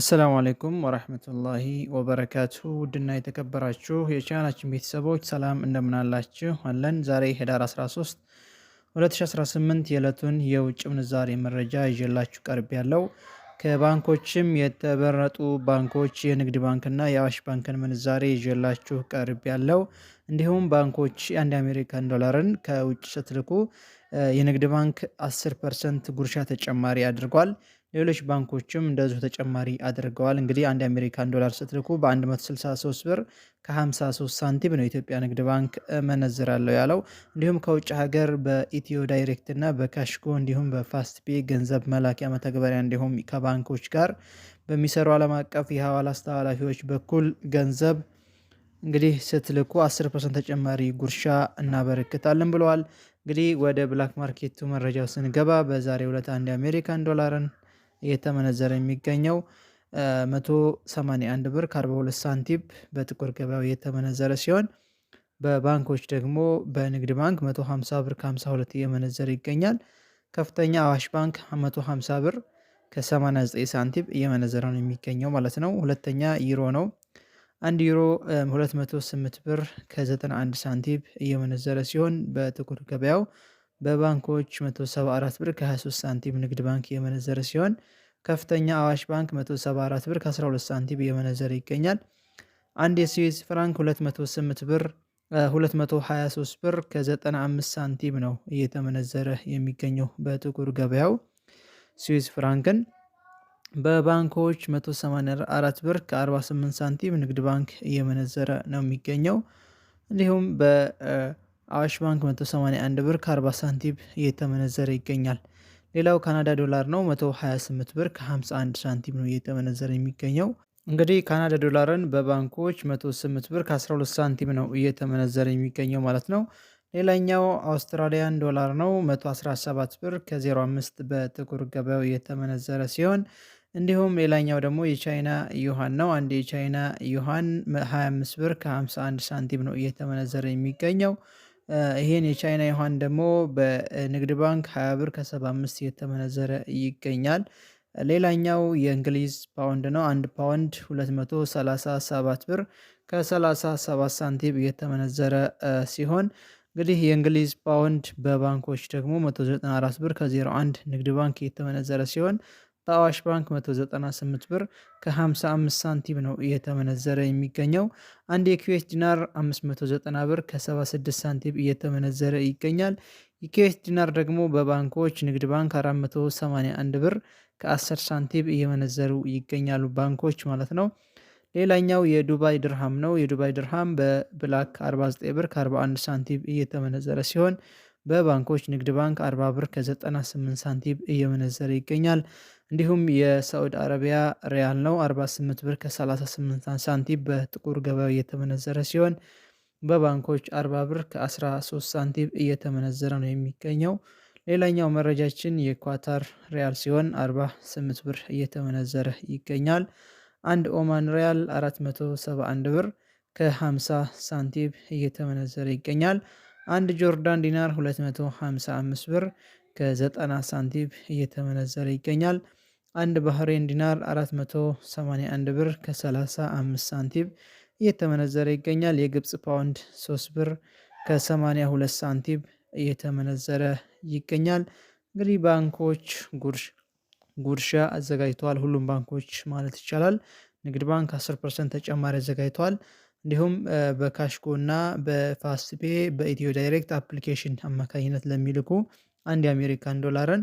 አሰላሙ አለይኩም ወረህመቱላሂ ወበረካቱ ውድና የተከበራችሁ የቻናችን ቤተሰቦች ሰላም እንደምናላችሁ አለን። ዛሬ ህዳር 13 2018 የዕለቱን የውጭ ምንዛሬ መረጃ ይዤላችሁ ቀርብ ያለው ከባንኮችም የተመረጡ ባንኮች የንግድ ባንክና የአዋሽ ባንክን ምንዛሬ ይዤላችሁ ቀርብ ያለው እንዲሁም ባንኮች አንድ አሜሪካን ዶላርን ከውጭ ስትልኩ የንግድ ባንክ 10 ፐርሰንት ጉርሻ ተጨማሪ አድርጓል። ሌሎች ባንኮችም እንደዚሁ ተጨማሪ አድርገዋል። እንግዲህ አንድ የአሜሪካን ዶላር ስትልኩ በ163 ብር ከ53 ሳንቲም ነው የኢትዮጵያ ንግድ ባንክ መነዝራለሁ ያለው። እንዲሁም ከውጭ ሀገር በኢትዮ ዳይሬክት እና በካሽጎ እንዲሁም በፋስት ፔ ገንዘብ መላኪያ መተግበሪያ እንዲሁም ከባንኮች ጋር በሚሰሩ ዓለም አቀፍ የሐዋላ አስተላላፊዎች በኩል ገንዘብ እንግዲህ ስትልኩ 10 ተጨማሪ ጉርሻ እናበረክታለን ብለዋል። እንግዲህ ወደ ብላክ ማርኬቱ መረጃው ስንገባ በዛሬው ዕለት አንድ የአሜሪካን ዶላርን እየተመነዘረ የሚገኘው 181 ብር ከ42 ሳንቲም በጥቁር ገበያው እየተመነዘረ ሲሆን በባንኮች ደግሞ በንግድ ባንክ 150 ብር ከ52 እየመነዘረ ይገኛል። ከፍተኛ አዋሽ ባንክ 150 ብር ከ89 ሳንቲም እየመነዘረ ነው የሚገኘው ማለት ነው። ሁለተኛ ዩሮ ነው። አንድ ዩሮ 208 ብር ከ91 ሳንቲም እየመነዘረ ሲሆን በጥቁር ገበያው በባንኮች 174 ብር ከ23 ሳንቲም ንግድ ባንክ የመነዘረ ሲሆን ከፍተኛ አዋሽ ባንክ 174 ብር ከ12 ሳንቲም እየመነዘረ ይገኛል። አንድ የስዊዝ ፍራንክ 208 ብር 223 ብር ከ95 ሳንቲም ነው እየተመነዘረ የሚገኘው በጥቁር ገበያው። ስዊዝ ፍራንክን በባንኮች 184 ብር ከ48 ሳንቲም ንግድ ባንክ እየመነዘረ ነው የሚገኘው እንዲሁም በ አዋሽ ባንክ 181 ብር ከ40 ሳንቲም እየተመነዘረ ይገኛል። ሌላው ካናዳ ዶላር ነው 128 ብር ከ51 ሳንቲም ነው እየተመነዘረ የሚገኘው። እንግዲህ ካናዳ ዶላርን በባንኮች 108 ብር ከ12 ሳንቲም ነው እየተመነዘረ የሚገኘው ማለት ነው። ሌላኛው አውስትራሊያን ዶላር ነው 117 ብር ከ05 በጥቁር ገበያው እየተመነዘረ ሲሆን እንዲሁም ሌላኛው ደግሞ የቻይና ዩሃን ነው። አንድ የቻይና ዩሃን 25 ብር ከ51 ሳንቲም ነው እየተመነዘረ የሚገኘው። ይሄን የቻይና ዩዋን ደግሞ በንግድ ባንክ 20 ብር ከ75 የተመነዘረ ይገኛል። ሌላኛው የእንግሊዝ ፓውንድ ነው። አንድ ፓውንድ 237 ብር ከ37 ሳንቲም የተመነዘረ ሲሆን እንግዲህ የእንግሊዝ ፓውንድ በባንኮች ደግሞ 194 ብር ከ01 ንግድ ባንክ የተመነዘረ ሲሆን በአዋሽ ባንክ 198 ብር ከ55 ሳንቲም ነው እየተመነዘረ የሚገኘው። አንድ የኩዌት ዲናር 590 ብር ከ76 ሳንቲም እየተመነዘረ ይገኛል። የኩዌት ዲናር ደግሞ በባንኮች ንግድ ባንክ 481 ብር ከ10 ሳንቲም እየመነዘሩ ይገኛሉ ባንኮች ማለት ነው። ሌላኛው የዱባይ ድርሃም ነው። የዱባይ ድርሃም በብላክ 49 ብር ከ41 ሳንቲም እየተመነዘረ ሲሆን በባንኮች ንግድ ባንክ 40 ብር ከ98 ሳንቲም እየመነዘረ ይገኛል። እንዲሁም የሳዑድ አረቢያ ሪያል ነው 48 ብር ከ38 ሳንቲም በጥቁር ገበያ እየተመነዘረ ሲሆን በባንኮች 40 ብር ከ13 ሳንቲም እየተመነዘረ ነው የሚገኘው። ሌላኛው መረጃችን የኳታር ሪያል ሲሆን 48 ብር እየተመነዘረ ይገኛል። አንድ ኦማን ሪያል 471 ብር ከ50 ሳንቲም እየተመነዘረ ይገኛል። አንድ ጆርዳን ዲናር 255 ብር ከ90 ሳንቲም እየተመነዘረ ይገኛል። አንድ ባህሬን ዲናር 481 ብር ከ35 ሳንቲም እየተመነዘረ ይገኛል። የግብፅ ፓውንድ 3 ብር ከ82 ሳንቲም እየተመነዘረ ይገኛል። እንግዲህ ባንኮች ጉርሻ አዘጋጅተዋል። ሁሉም ባንኮች ማለት ይቻላል። ንግድ ባንክ 10 ፐርሰንት ተጨማሪ አዘጋጅተዋል። እንዲሁም በካሽጎ እና በፋስትፔ በኢትዮ ዳይሬክት አፕሊኬሽን አማካኝነት ለሚልኩ አንድ የአሜሪካን ዶላርን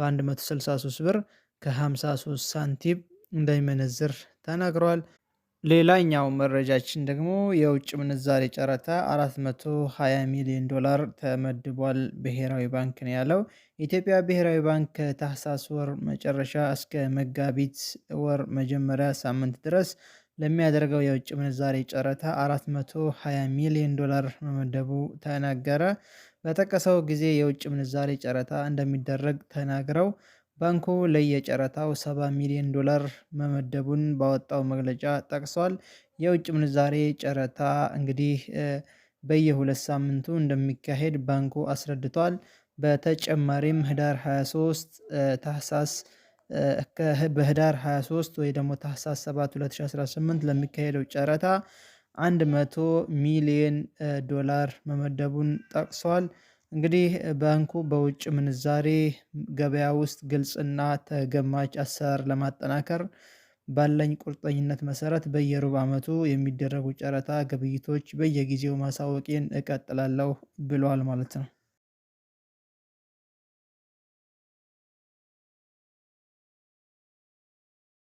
በ163 ብር ከ53 ሳንቲም እንደሚመነዝር ተናግረዋል። ሌላኛው መረጃችን ደግሞ የውጭ ምንዛሬ ጨረታ 420 ሚሊዮን ዶላር ተመድቧል ብሔራዊ ባንክ ነው ያለው። የኢትዮጵያ ብሔራዊ ባንክ ከታህሳስ ወር መጨረሻ እስከ መጋቢት ወር መጀመሪያ ሳምንት ድረስ ለሚያደርገው የውጭ ምንዛሬ ጨረታ 420 ሚሊዮን ዶላር መመደቡ ተናገረ። በጠቀሰው ጊዜ የውጭ ምንዛሬ ጨረታ እንደሚደረግ ተናግረው ባንኩ ለየጨረታው 70 ሚሊዮን ዶላር መመደቡን ባወጣው መግለጫ ጠቅሷል። የውጭ ምንዛሬ ጨረታ እንግዲህ በየሁለት ሳምንቱ እንደሚካሄድ ባንኩ አስረድቷል። በተጨማሪም ህዳር 23 ታህሳስ በህዳር 23 ወይ ደግሞ ታህሳስ 7 2018 ለሚካሄደው ጨረታ 100 ሚሊዮን ዶላር መመደቡን ጠቅሷል። እንግዲህ ባንኩ በውጭ ምንዛሬ ገበያ ውስጥ ግልጽና ተገማች አሰራር ለማጠናከር ባለኝ ቁርጠኝነት መሰረት በየሩብ ዓመቱ የሚደረጉ ጨረታ ግብይቶች በየጊዜው ማሳወቄን እቀጥላለሁ ብሏል ማለት ነው።